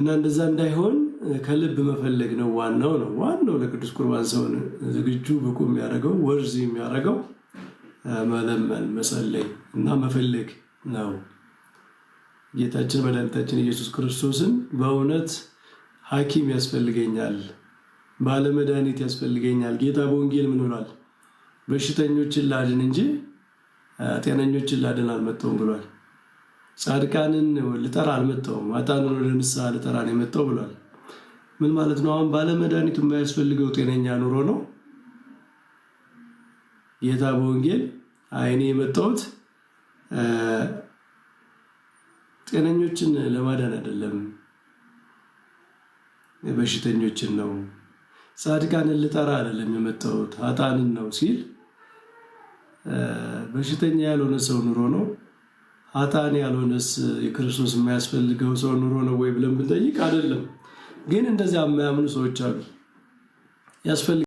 እና እንደዛ እንዳይሆን ከልብ መፈለግ ነው ዋናው ነው ዋናው ለቅዱስ ቁርባን ሰውን ዝግጁ ብቁ የሚያደርገው ወርዝ የሚያደርገው መለመን፣ መጸለይ እና መፈለግ ነው። ጌታችን መድኃኒታችን ኢየሱስ ክርስቶስን በእውነት ሐኪም ያስፈልገኛል፣ ባለመድኃኒት ያስፈልገኛል። ጌታ በወንጌል ምን ብሏል? በሽተኞችን ላድን እንጂ ጤነኞችን ላድን አልመጠውም ብሏል። ጻድቃንን ልጠራ አልመጣውም ኃጥአንን ወደ ንስሐ ልጠራ ነው የመጣው ብሏል። ምን ማለት ነው? አሁን ባለመድኃኒቱ የማያስፈልገው ጤነኛ ኑሮ ነው። ጌታ በወንጌል አይኔ የመጣሁት ጤነኞችን ለማዳን አይደለም፣ በሽተኞችን ነው። ጻድቃንን ልጠራ አይደለም የመጣሁት ኃጥአንን ነው ሲል በሽተኛ ያልሆነ ሰው ኑሮ ነው አጣን ያልሆነስ የክርስቶስ የማያስፈልገው ሰው ኑሮ ነው ወይ ብለን ብንጠይቅ አይደለም። ግን እንደዚያ የማያምኑ ሰዎች አሉ።